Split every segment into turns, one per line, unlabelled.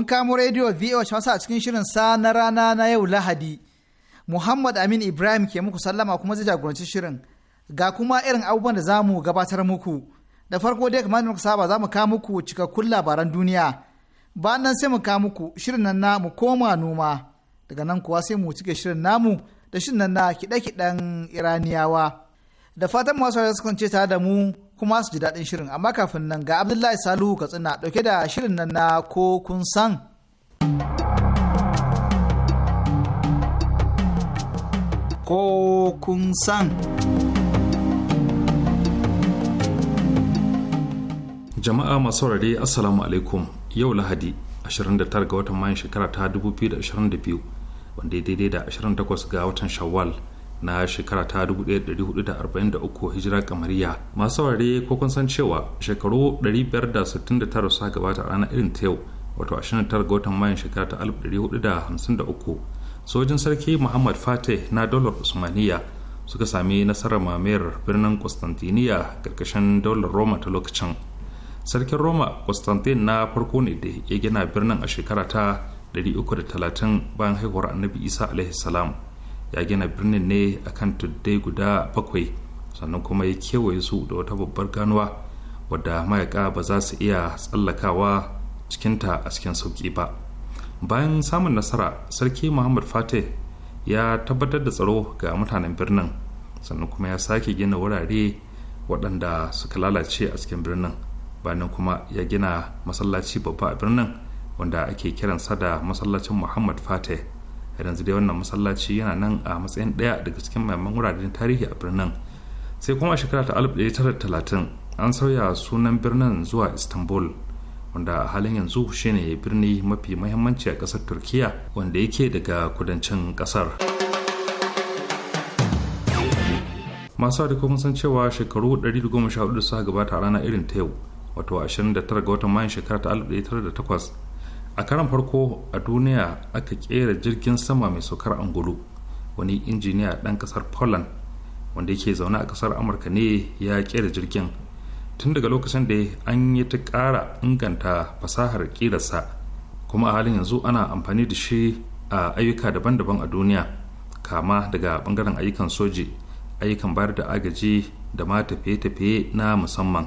kun kamo rediyo VOH Hausa a cikin shirin sa na rana na yau Lahadi. Muhammad Amin Ibrahim ke muku sallama kuma zai jagoranci shirin. Ga kuma irin abubuwan da za mu gabatar muku. Da farko dai kamar muka saba za mu kawo muku cikakkun labaran duniya. Bayan nan sai mu kawo muku shirin nan na mu koma noma. Daga nan kuwa sai mu cike shirin namu da shirin nan na kiɗe-kiɗen Iraniyawa. Da fatan masu sukan ce tare da mu kuma su ji daɗin shirin amma kafin nan ga abdullahi salihu katsina ɗauke da shirin nan na ko kun san ko kun san
jama'a masu saurare assalamu alaikum yau lahadi 29 ga watan mayan shekara ta 2022 wanda ya daidai da 28 ga watan shawwal na shekara ta 1443 hijira kamariya masu saurare ko kun san cewa shekaru 569 suka gabata ranar irin ta yau wato 29 ga watan mayan shekara ta 1453 sojin sarki muhammad fatih na dolar usmaniya suka sami nasarar mamayar birnin constantiniya karkashin dolar roma ta lokacin sarkin roma constantine na farko ne da ya gina birnin a shekara ta 330 bayan haihuwar annabi isa alaihi salam ya gina birnin ne a kan tuddai guda bakwai sannan kuma ya kewaye su da wata babbar ganuwa wadda mayaka ba za su iya tsallakawa cikinta a cikin sauki ba bayan samun nasara sarki muhammad fatih ya tabbatar da tsaro ga mutanen birnin sannan kuma ya sake gina wurare waɗanda suka lalace a cikin birnin bayan kuma ya gina masallaci babba a birnin wanda ake kiransa da masallacin muhammad fatih yanzu dai wannan masallaci yana nan a matsayin daya daga cikin mahimman wuraren tarihi a birnin sai kuma a shekara ta 1930 an sauya sunan birnin zuwa istanbul wanda a halin yanzu shine birni mafi mahimmanci a kasar turkiya wanda yake daga kudancin kasar. masu da kuma san cewa shekaru 114 su gabata a rana irin ta yau wato 29 ga watan mayan shekara ta 1908 a karan farko a duniya aka kera jirgin sama mai saukar angulu wani injiniya ɗan ƙasar poland wanda yake zaune a ƙasar amurka ne ya kera jirgin tun daga lokacin da an yi ta ƙara inganta fasahar ƙirarsa kuma a halin yanzu ana amfani da shi a ayyuka daban-daban a duniya kama daga bangaren ayyukan soji ayyukan bayar da agaji da ma tafiye-tafiye na musamman.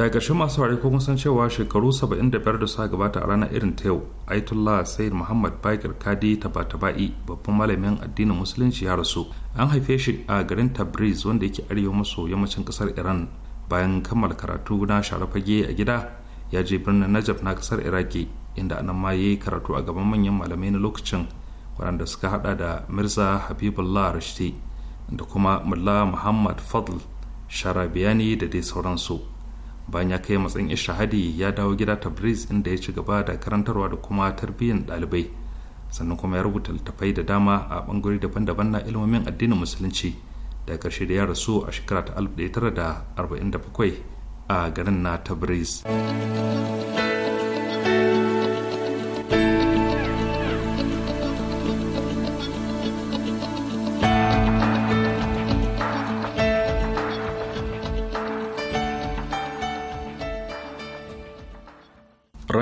da ƙarshen masu saurari ko kun san cewa shekaru 75 da suka gabata a ranar irin ta yau Aitullah Sayyid Muhammad Bakir Kadi Tabatabai babban malamin addinin musulunci ya rasu an haife shi a garin Tabriz wanda yake arewa maso yammacin kasar Iran bayan kammala karatu na sharafage a gida ya je birnin Najaf na kasar Iraki inda anan ma yayi karatu a gaban manyan malamai na lokacin waɗanda suka hada da Mirza Habibullah Rashti da kuma Mullah Muhammad Fadl Sharabiyani da dai sauransu. bayan ya kai matsayin ishahadi ya dawo gida tabriz inda ya ci gaba da karantarwa da kuma tarbiyyar ɗalibai sannan kuma ya rubuta littattafai da dama a bangare daban-daban na ilmomin addinin musulunci da karshe da ya rasu a shekara ta 1947 a garin na tabriz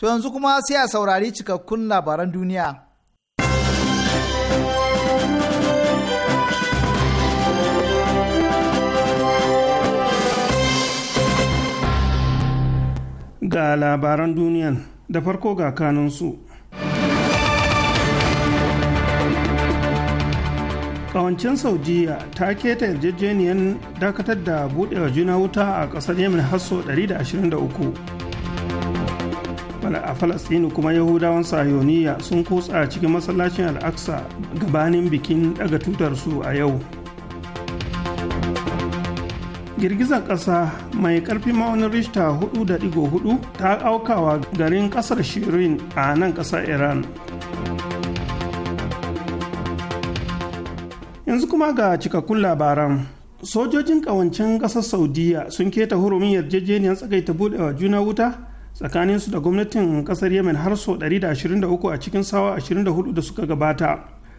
To yanzu kuma sai a saurari cikakkun labaran duniya.
Ga labaran duniyan da farko ga kanunsu. Kawancin Saudiya ta keta yarjejeniyar dakatar da buɗewa juna wuta a ƙasar Yemen har sau 123. a falasɗinu kuma yahudawan sayoniya sun kutsa cikin masallacin al'aqsa gabanin bikin daga tutarsu a yau girgizar ƙasa mai ƙarfi ma'aunin rishta 4.4 ta aukawa garin ƙasar shirin a nan ƙasar iran yanzu kuma ga cikakkun labaran sojojin ƙawancen ƙasar saudiya sun keta hurumin yarjejeniyar tsagaita buɗewa juna wuta tsakanin su da gwamnatin kasar yemen har sau 123 a cikin sawa 24 da suka gabata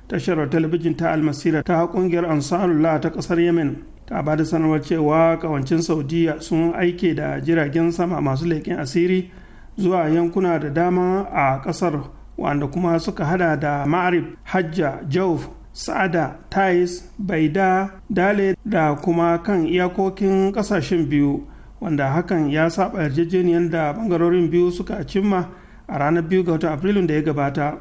tashar talabijin ta almasira ta kungiyar ansarullah ta kasar yemen ta ba da sanarwar cewa kawancin saudiya sun aike da jiragen sama masu leƙen asiri zuwa yankuna da dama a kasar wanda kuma suka hada da maarif hajja jauf sa'ada tais baida dale da kuma kan iyakokin kasashen biyu wanda hakan ya saba yarjejeniyar da bangarorin biyu suka cimma a ranar biyu ga watan afrilun da ya gabata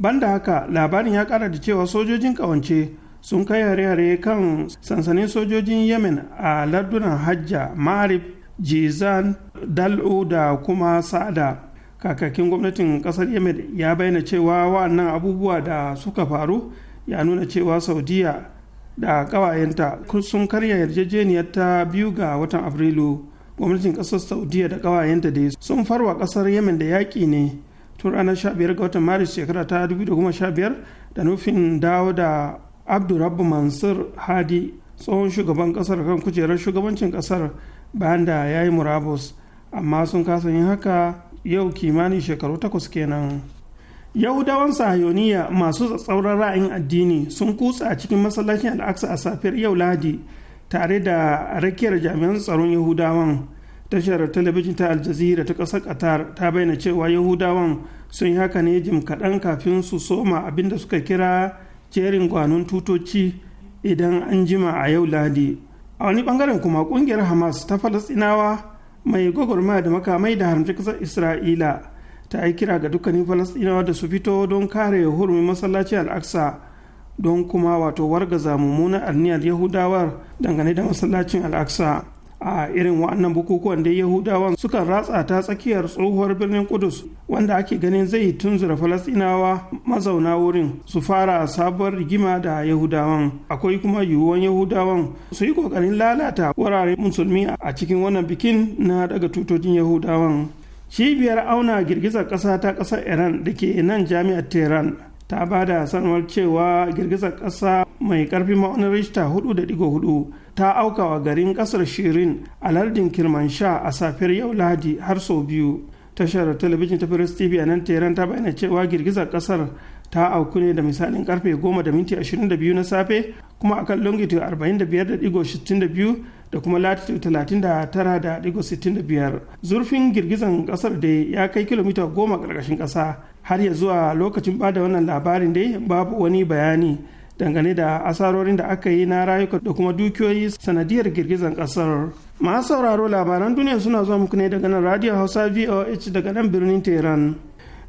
banda haka labarin ya kara da cewa sojojin kawance sun kai hare-hare kan sansanin sojojin yemen a lardunan hajja ma'arib jizan dal'u da kuma sada kakakin gwamnatin kasar yemen ya bayyana cewa wa'annan abubuwa da suka faru ya nuna cewa saudiya da kawayenta sun karya yarjejeniyar ta biyu ga watan afrilu gwamnatin kasar saudiya da kawayenta da sun farwa kasar yemen da yaƙi ne tun ranar 15 ga watan maris shekara ta 2015 da nufin dawo da abdurrabbu mansur hadi tsohon shugaban kasar kan kujerar shugabancin kasar bayan da ya yi murabus amma sun kasa yin haka yau kimanin shekaru takwas kenan. yahudawan sahayoniya masu tsatsauran ra'ayin addini sun kutsa cikin masallacin al'aksa a safiyar yau lahadi tare da rakiyar jami'an tsaron yahudawan tashar talabijin ta aljazira ta ƙasar qatar ta bayyana cewa yahudawan sun yi haka ne jim kaɗan kafin su soma abin da suka kira jerin gwanon tutoci idan an jima a yau lahadi a wani bangaren kuma ƙungiyar hamas ta falasɗinawa mai gwagwarmaya da makamai da haramci ƙasar isra'ila ta yi kira ga dukkanin falasɗinawa da su fito don kare hurumin masallaci al'aksa don kuma wato wargaza mummunan arniyar yahudawar dangane da masallacin al'aksa a irin wa'annan bukukuwan da yahudawan sukan ratsa ta tsakiyar tsohuwar birnin kudus wanda ake ganin zai tunzura falasɗinawa mazauna wurin su fara sabuwar rigima da yahudawan akwai kuma yiwuwan yahudawan su yi ƙoƙarin lalata wuraren musulmi a cikin wannan bikin na daga tutocin yahudawan cibiyar auna girgizar ƙasa ta ƙasar iran da ke nan jami'ar tehran ta ba da sanarwar cewa girgizar ƙasa mai ƙarfi ma'aunin rishta 4.4 ta wa garin ƙasar shirin a lardin kirmansha a safiyar yau lahadi har sau biyu tashar talabijin ta firis tv a nan tehran ta bayyana cewa girgizar ƙasar ta auku ne da misalin karfe 10.22 na safe kuma akan longitude 45.62 da kuma latitude 39.65 zurfin girgizan kasar da ya kai kilomita goma karkashin ƙasa har ya zuwa lokacin bada wannan labarin dai babu wani bayani dangane da asarorin da aka yi na rayuka da kuma dukiyoyi sanadiyar girgizan kasar masu sauraro labaran duniya suna zuwa muku ne daga nan radio hausa voh daga nan birnin tehran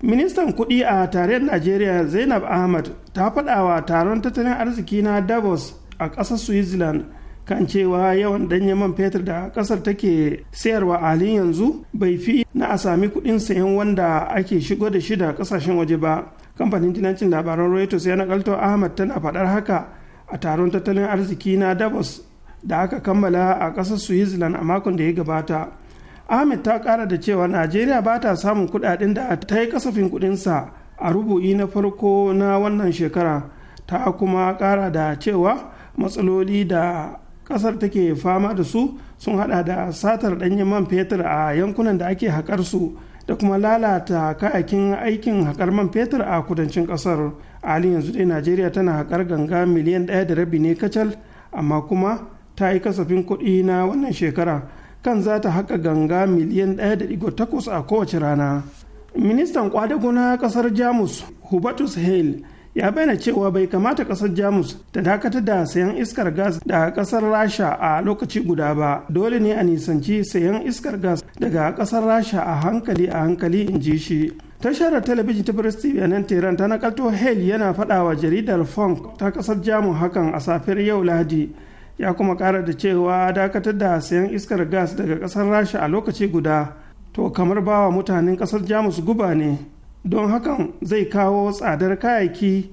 ministan kudi a tarayyar najeriya zainab ahmad ta faɗawa taron tattalin arziki na davos a ƙasar switzerland kan cewa yawan danye man fetur da kasar take sayarwa a halin yanzu bai fi na a sami kuɗin sayan wanda ake shigo da shi da kasashen waje ba kamfanin jinancin labaran reuters ya nakalto ahmad tana faɗar haka a taron tattalin arziki na davos da aka kammala a ƙasar switzerland a makon da ya gabata ahmed ta ƙara da cewa najeriya ba ta samun kuɗaɗen da ta yi kasafin kuɗinsa a rubu'i na farko na wannan shekara ta kuma ƙara da cewa matsaloli da kasar take fama da su sun hada da satar danyen man fetur a yankunan da ake haƙar su da kuma lalata kayakin aikin haƙar man fetur a kudancin kasar ali yanzu dai najeriya tana haƙar ganga miliyan ɗaya da rabi ne kacal amma kuma ta yi kasafin kuɗi na wannan shekara kan za ta haƙa ganga miliyan ɗaya da ɗigo takwas a kowace rana ministan kwadago na kasar jamus hubertus hale ya bayyana cewa bai kamata kasar jamus ta dakatar da sayan iskar gas daga kasar rasha a lokaci guda ba dole ne a nisanci sayan iskar gas daga kasar rasha a hankali a hankali in ji shi tashar talabijin ta first TV a nan Tehran ta nakalto Hale yana faɗawa wa jaridar Funk ta ƙasar Jamus hakan a safiyar yau Lahadi. Ya kuma ƙara da cewa dakatar da sayan iskar gas daga ƙasar Rasha a lokaci guda. To kamar bawa mutanen ƙasar Jamus guba ne. don hakan zai kawo tsadar kayayyaki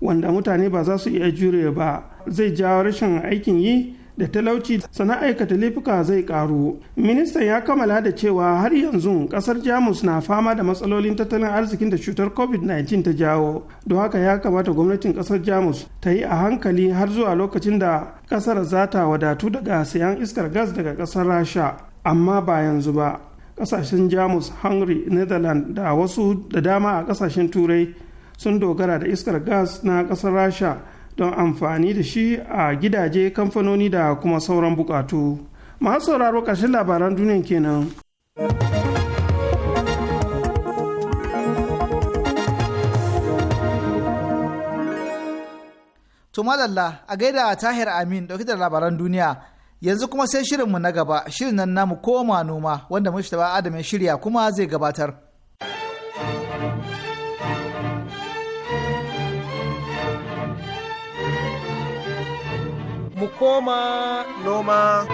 wanda mutane ba za su iya jure ba zai jawo rashin aikin yi da talauci sana aikata laifuka zai karu ministan ya kammala da cewa har yanzu kasar jamus na fama da matsalolin tattalin arzikin da cutar covid-19 ta jawo don haka ya kamata gwamnatin kasar jamus ta yi a hankali har zuwa lokacin da kasar za ta wadatu daga sayan iskar gas daga kasar rasha amma ba yanzu ba kasashen jamus hungary netherlands da wasu da dama a kasashen turai sun dogara da iskar gas na kasar rasha don amfani da shi a gidaje kamfanoni da kuma sauran bukatu masu sauraro karshen labaran duniya kenan.
tumadalla a gaida Tahir Amin dauke da labaran duniya yanzu kuma sai shirinmu na gaba shirin nan namu koma noma wanda Mustapha adam ya shirya kuma zai gabatar mu koma noma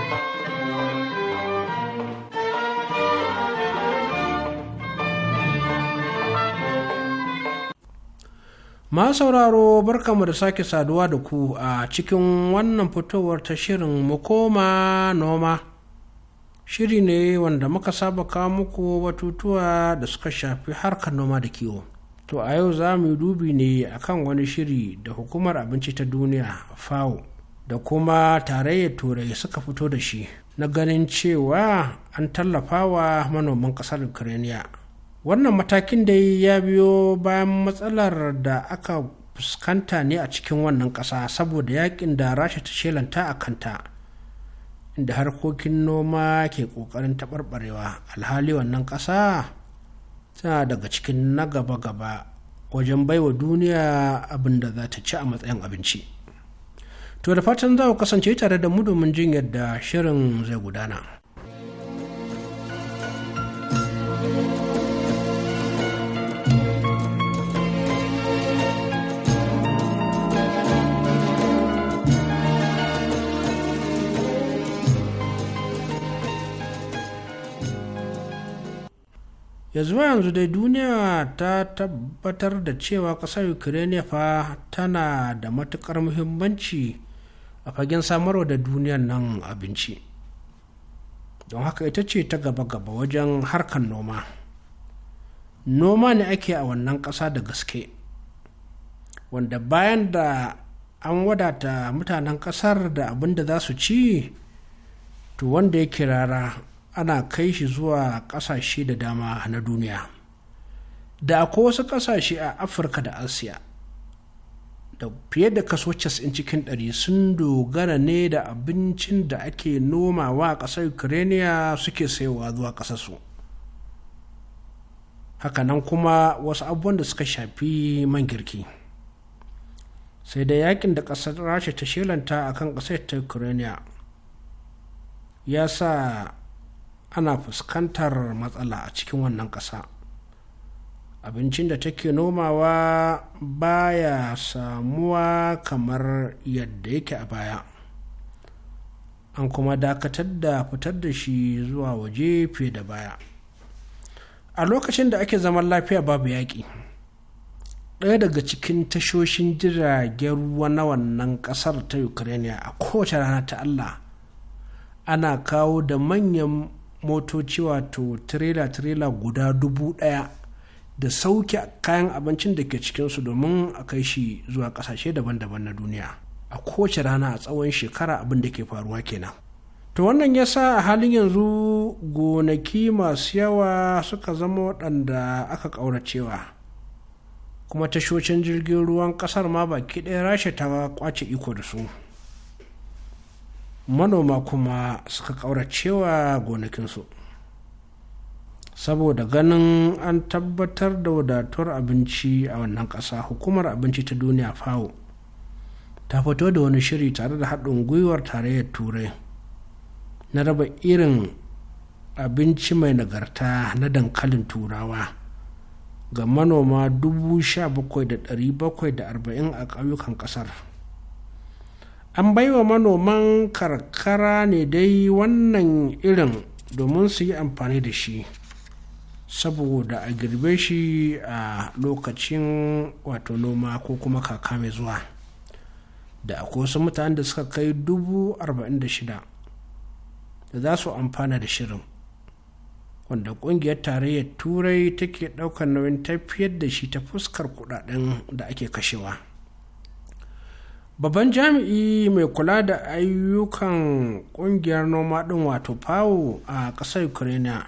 ma sauraro barkamu da sake saduwa da ku a cikin wannan fitowar ta shirin mukoma noma shiri ne wanda muka saba kawo muku batutuwa da suka shafi harkar noma da kiwo to a yau za mu yi dubi ne akan wani shiri da hukumar abinci ta duniya fao da kuma tarayyar turai suka fito da shi na ganin cewa an tallafa wa manoman ƙasar ukraine wannan matakin da ya biyo bayan matsalar da aka fuskanta ne a cikin wannan ƙasa saboda yakin da rasha ta shelanta a kanta inda harkokin noma ke ƙoƙarin taɓarɓarewa alhali wannan ƙasa tana daga cikin na gaba-gaba wajen baiwa duniya abin da za ta ci a matsayin abinci to da fatan za ku kasance tare da mu domin jin yadda shirin zai gudana ya zuwa yanzu dai duniya ta tabbatar da cewa ƙasar ukraine fa tana da matuƙar muhimmanci a fagen samarwa da duniyar nan abinci don haka ita ce ta gaba-gaba wajen harkar noma noma ne ake a wannan ƙasa da gaske wanda bayan da an wadata mutanen ƙasar da abin da za su ci to wanda ya kirara ana kai shi zuwa ƙasashe da dama na duniya da akwai wasu ƙasashe a afirka da asiya da fiye da kaso 90 cikin 100 sun dogara ne da abincin da ake nomawa a ƙasar ukraine suke sayowa zuwa ƙasarsu hakanan kuma wasu abubuwan da suka shafi man girki sai da yakin da ƙasar rasha ta shelanta akan kan ƙasar ta ukraine ya sa ana fuskantar matsala a cikin wannan ƙasa abincin da take nomawa baya samuwa kamar yadda yake a baya an kuma dakatar da fitar da shi zuwa waje fiye da baya a lokacin da ake zaman lafiya babu yaƙi ɗaya daga cikin tashoshin jiragen ruwa na wannan ƙasar ta ukraine a kowace rana ta allah ana kawo da manyan motoci wato tirela-tirela guda dubu ɗaya da sauke kayan abincin da ke cikinsu domin a kai shi zuwa ƙasashe daban-daban na duniya a kowace rana a tsawon shekara abin da ke faruwa kenan to wannan ya sa a halin yanzu gonaki masu yawa suka zama waɗanda aka ƙauracewa kuma tashocin jirgin ruwan ƙasar ma baki ɗaya rasha ta kwace iko da su manoma kuma suka kaura cewa gonakinsu saboda ganin an tabbatar da wadatuwar abinci a wannan ƙasa hukumar abinci ta duniya fawo ta fito da wani shiri tare da haɗin gwiwar tarayyar turai na raba irin abinci mai nagarta na dankalin turawa ga manoma 17,740 a ƙauyukan ƙasar an baiwa manoman karkara ne dai wannan irin domin su yi amfani da shi saboda a girbe shi a lokacin wato noma ko kuma kaka mai zuwa da akwai wasu mutanen da suka kai dubu arba'in da shida da za su amfana da shirin wanda kungiyar tarayyar turai take ɗaukar nauyin tafiyar da shi ta fuskar kudaden da ake kashewa. babban jami'i mai kula da ayyukan kungiyar noma din wato pawo a ƙasar Ukraina,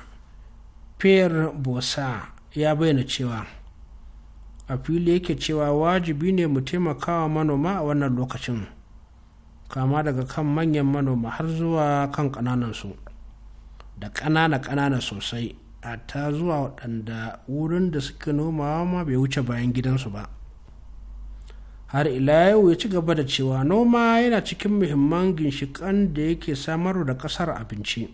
pierre bosa ya bayyana cewa a fili yake cewa wajibi ne mu taimaka wa manoma a wannan lokacin kama daga kan manyan manoma har zuwa kan ƙananansu da ƙanana-ƙanana sosai a ta zuwa waɗanda wurin da suke noma ma bai wuce bayan gidansu ba har ila yau ya ci gaba da cewa noma yana cikin muhimman ginshikan da yake samarwa da kasar abinci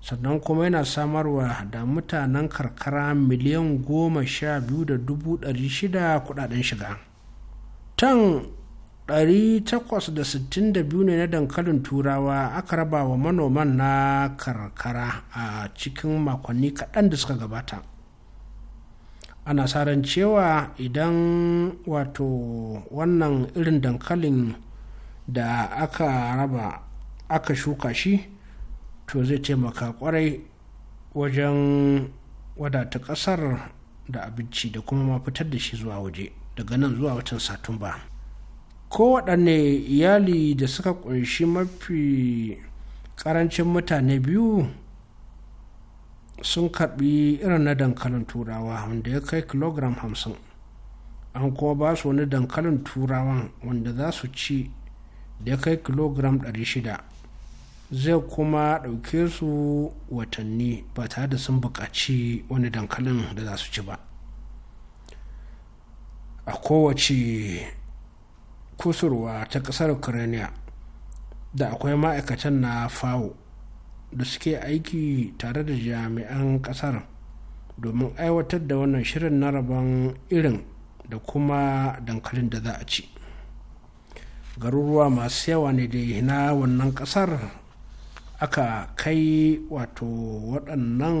sannan kuma yana samarwa da mutanen karkara miliyan goma sha biyu da dubu ɗari shida kudaden shiga tan biyu ne na dankalin turawa aka raba wa manoman na karkara a cikin makonni kaɗan da suka gabata ana saran cewa idan wato wannan irin dankalin da aka raba aka shuka shi to zai taimaka kwarai wajen wadata kasar da abinci da kuma ma fitar da shi zuwa waje daga nan zuwa watan satumba kowaɗanne iyali da suka ƙunshi mafi ƙarancin mutane biyu sun karbi irin na dankalin turawa wanda ya kai kilogram hamsin an kuma ba su wani dankalin turawan wanda za su ci da ya kai kilogram 600 zai kuma ɗauke su watanni ba tare da sun buƙaci wani dankalin da za su ci ba a kowace kusurwa ta ƙasar ukraine da akwai ma'aikatan na fawo da suke aiki tare da jami'an kasar domin aiwatar da wannan shirin na rabon irin da kuma dankalin da za a ci garuruwa masu yawa ne da na wannan kasar aka kai wato waɗannan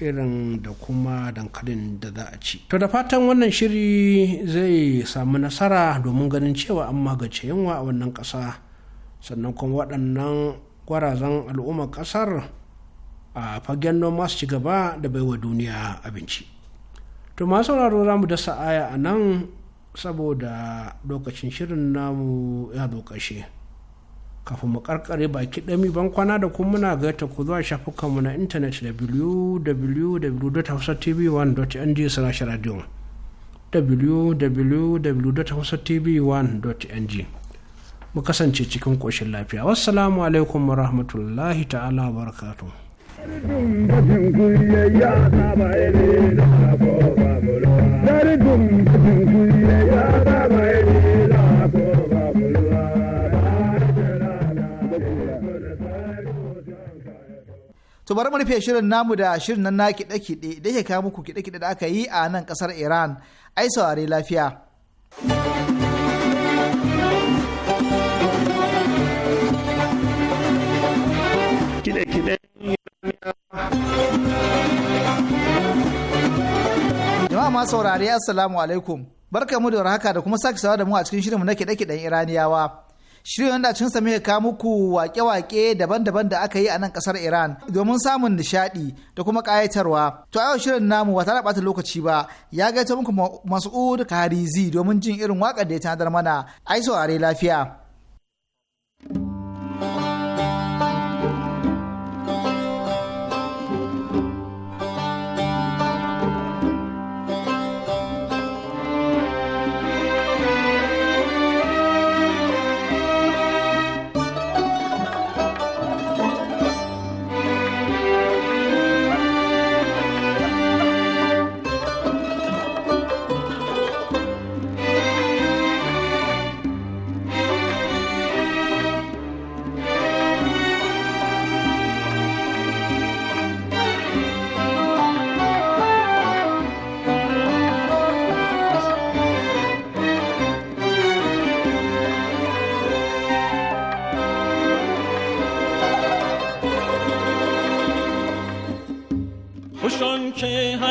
irin da kuma dankalin da za a ci to da fatan wannan shiri zai samu nasara domin ganin cewa an magace yunwa a wannan ƙasa sannan kuma waɗannan kwarazan al'ummar kasar a fagen noma su ci gaba da baiwa duniya abinci to ma sauraro za mu dasa aya a nan saboda lokacin shirin namu ya zo ƙarshe kafin mu karkare baki ɗami ban kwana da kuma muna gaita ku zuwa shafukanmu na intanet www.hausatv1.ng/radio www.hausatv1.ng mu kasance cikin ƙoshin lafiya wassalamu alaikum wa rahmatullahi ta'ala wa barakatu
To bari mu rufe shirin namu da shirin nan na kiɗe-kiɗe da ke kawo muku kiɗe-kiɗe da aka yi a nan ƙasar Iran. Ai sawari lafiya. jama'a saurari assalamu alaikum barka mu da warhaka da kuma sake sawa da mu a cikin shirinmu na kiɗe-kiɗen iraniyawa shirin wanda cikin sa muka muku wake-wake daban-daban da aka yi a nan kasar Iran domin samun nishaɗi da kuma ƙayatarwa. To a yau shirin namu ba tare ɓata lokaci ba ya gaita muku Mas'ud Karizi domin jin irin waƙar da ya tanadar mana ai saurari lafiya.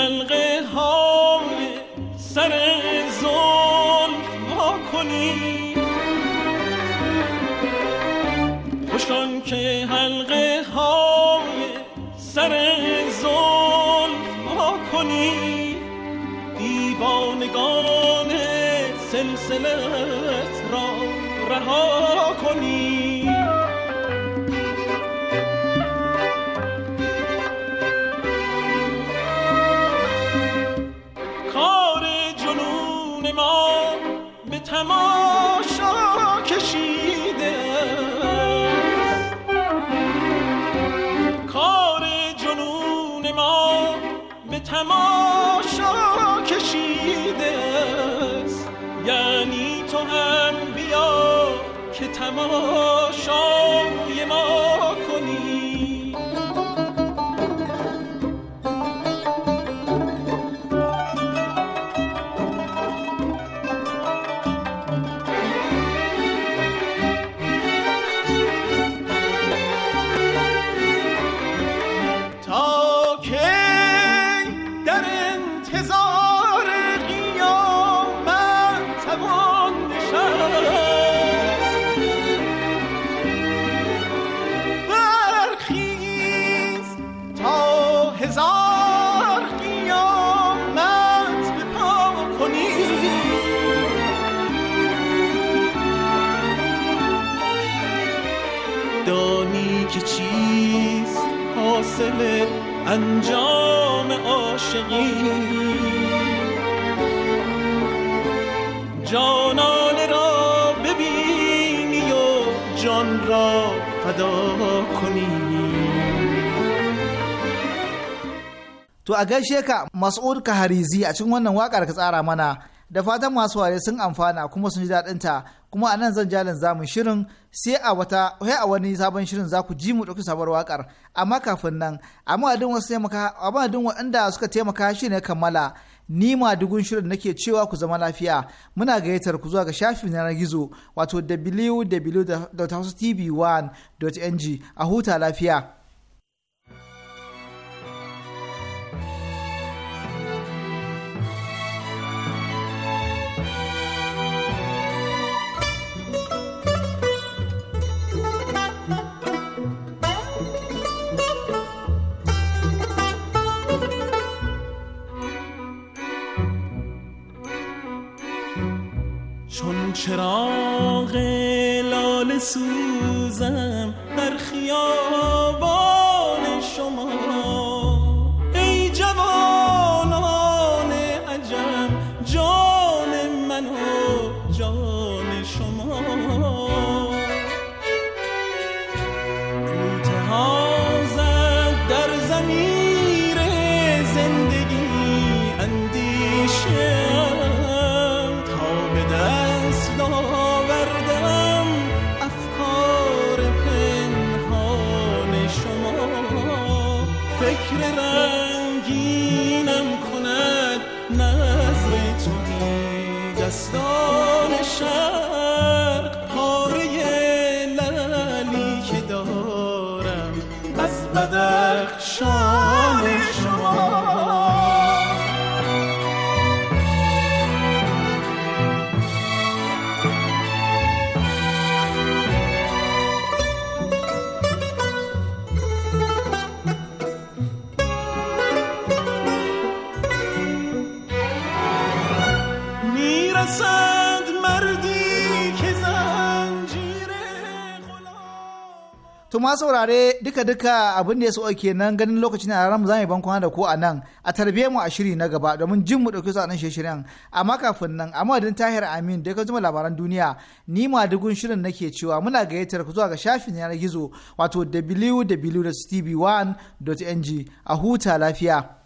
حلقه های سر زلف ها کنی که حلقه های سر زلف ها کنی دیوانگان سلسلت را رها کنی تماشا کشیده است یعنی تو هم بیا که تماشا جان را فدا
کنی To a gaishe ka Mas'ud Kaharizi a cikin wannan wakar ka tsara mana da fatan masu ware sun amfana kuma sun ji daɗin ta kuma a nan zan jalin zamun shirin sai a wata sai a wani sabon shirin za ku ji mu ɗauki sabon wakar amma kafin nan amma adin wasu taimaka amma adin waɗanda suka taimaka shi ne kammala ni ma dugun shirin nake cewa ku zama lafiya muna gayyatar ku zuwa ga shafi na gizo wato wwwtv 1ng a huta lafiya.
چراغ لال سوزم در خیابان
kuma ma saurare duka-duka abin da ya so ake nan ganin lokacin a ranar zamu ban kwana da ko a nan a tarbiyyar mu a shiri na gaba domin jin mu dauke su a nan shirye-shiryen amma kafin nan a madadin Tahir Amin da ka zuma labaran duniya ni ma dugun shirin nake cewa muna gayyatar ku zuwa ga shafin yanar gizo wato www.tv1.ng a huta lafiya.